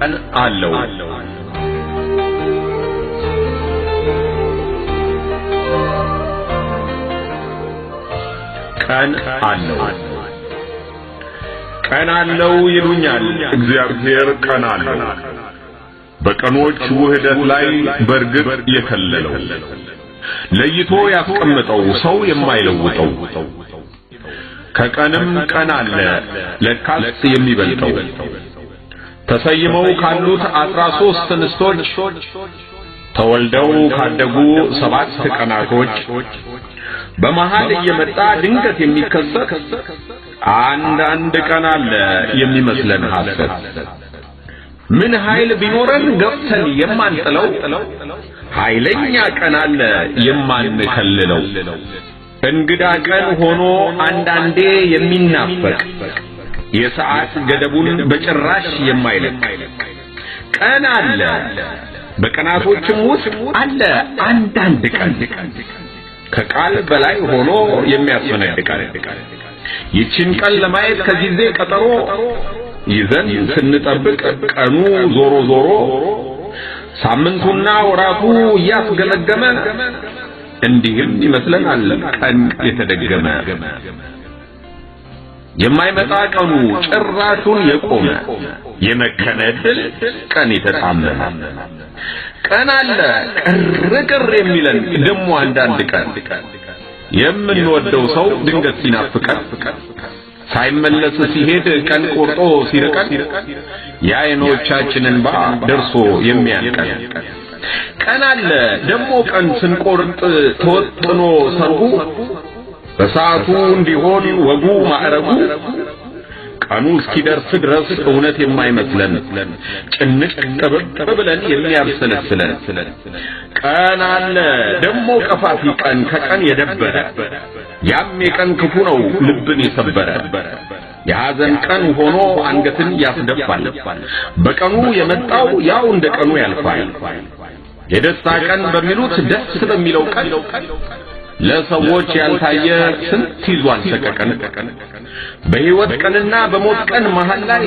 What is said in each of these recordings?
መስቀል አለው። ቀን አለው ቀን አለው ይሉኛል። እግዚአብሔር ቀን አለው በቀኖች ውህደት ላይ በርግጥ የከለለው ለይቶ ያስቀምጠው ሰው የማይለውጠው ከቀንም ቀን አለ ለካስ የሚበልጠው ተሰይመው ካሉት አስራ ሶስት እንስቶች ተወልደው ካደጉ ሰባት ቀናቶች በመሃል እየመጣ ድንገት የሚከሰት አንዳንድ ቀን አለ የሚመስለን ሐሰት ምን ኃይል ቢኖረን ገብተን የማንጥለው ኃይለኛ ቀን አለ የማንከልለው እንግዳ ቀን ሆኖ አንዳንዴ የሚናፈቅ የሰዓት ገደቡን በጭራሽ የማይለቅ ቀን አለ። በቀናቶችም ውስጥ አለ አንዳንድ ቀን ከቃል በላይ ሆኖ የሚያስፈነድቃል። ይችን ቀን ለማየት ከጊዜ ቀጠሮ ይዘን ስንጠብቅ ቀኑ ዞሮ ዞሮ ሳምንቱና ወራቱ እያስገመገመ እንዲህም ይመስለናል ቀን የተደገመ የማይመጣ ቀኑ ጭራሹን የቆመ የመከነ ድል ቀን የተጣመመ ቀን አለ ቅር ቅር የሚለን ደሞ አንዳንድ ቀን የምንወደው ሰው ድንገት ሲናፍቀን ሳይመለስ ሲሄድ ቀን ቆርጦ ሲርቀን የአይኖቻችንን ባ ደርሶ የሚያልቀን ቀን አለ ደሞ ቀን ስንቆርጥ ተወጥኖ ሰርጉ በሰዓቱ እንዲሆን ወጉ ማዕረጉ ቀኑ እስኪደርስ ድረስ እውነት የማይመስለን ጭንቅ ጥብብ ብለን የሚያብሰለስለን ቀን አለ ደግሞ ቀፋፊ ቀን ከቀን የደበረ ያም የቀን ክፉ ነው ልብን የሰበረ የሐዘን ቀን ሆኖ አንገትን ያስደፋል በቀኑ የመጣው ያው እንደ ቀኑ ያልፋል የደስታ ቀን በሚሉት ደስ በሚለው ቀን ለሰዎች ያልታየ ስንት ይዟል ሰቀቀን። በሕይወት ቀንና በሞት ቀን መሃል ላይ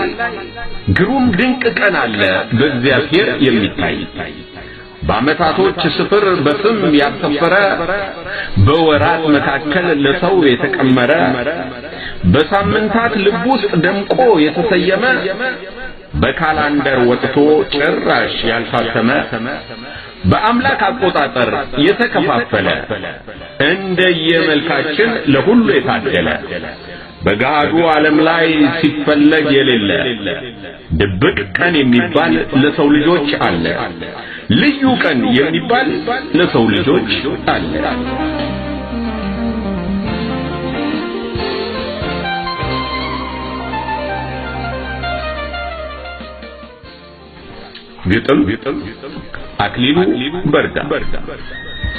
ግሩም ድንቅ ቀን አለ በእግዚአብሔር የሚታይ በዓመታቶች ስፍር በስም ያልሰፈረ በወራት መካከል ለሰው የተቀመረ በሳምንታት ልብ ውስጥ ደምቆ የተሰየመ በካላንደር ወጥቶ ጭራሽ ያልታተመ በአምላክ አቆጣጠር የተከፋፈለ እንደየመልካችን ለሁሉ የታደለ በጋዱ ዓለም ላይ ሲፈለግ የሌለ ድብቅ ቀን የሚባል ለሰው ልጆች አለ። ልዩ ቀን የሚባል ለሰው ልጆች አለ። वितल अखिल बरगा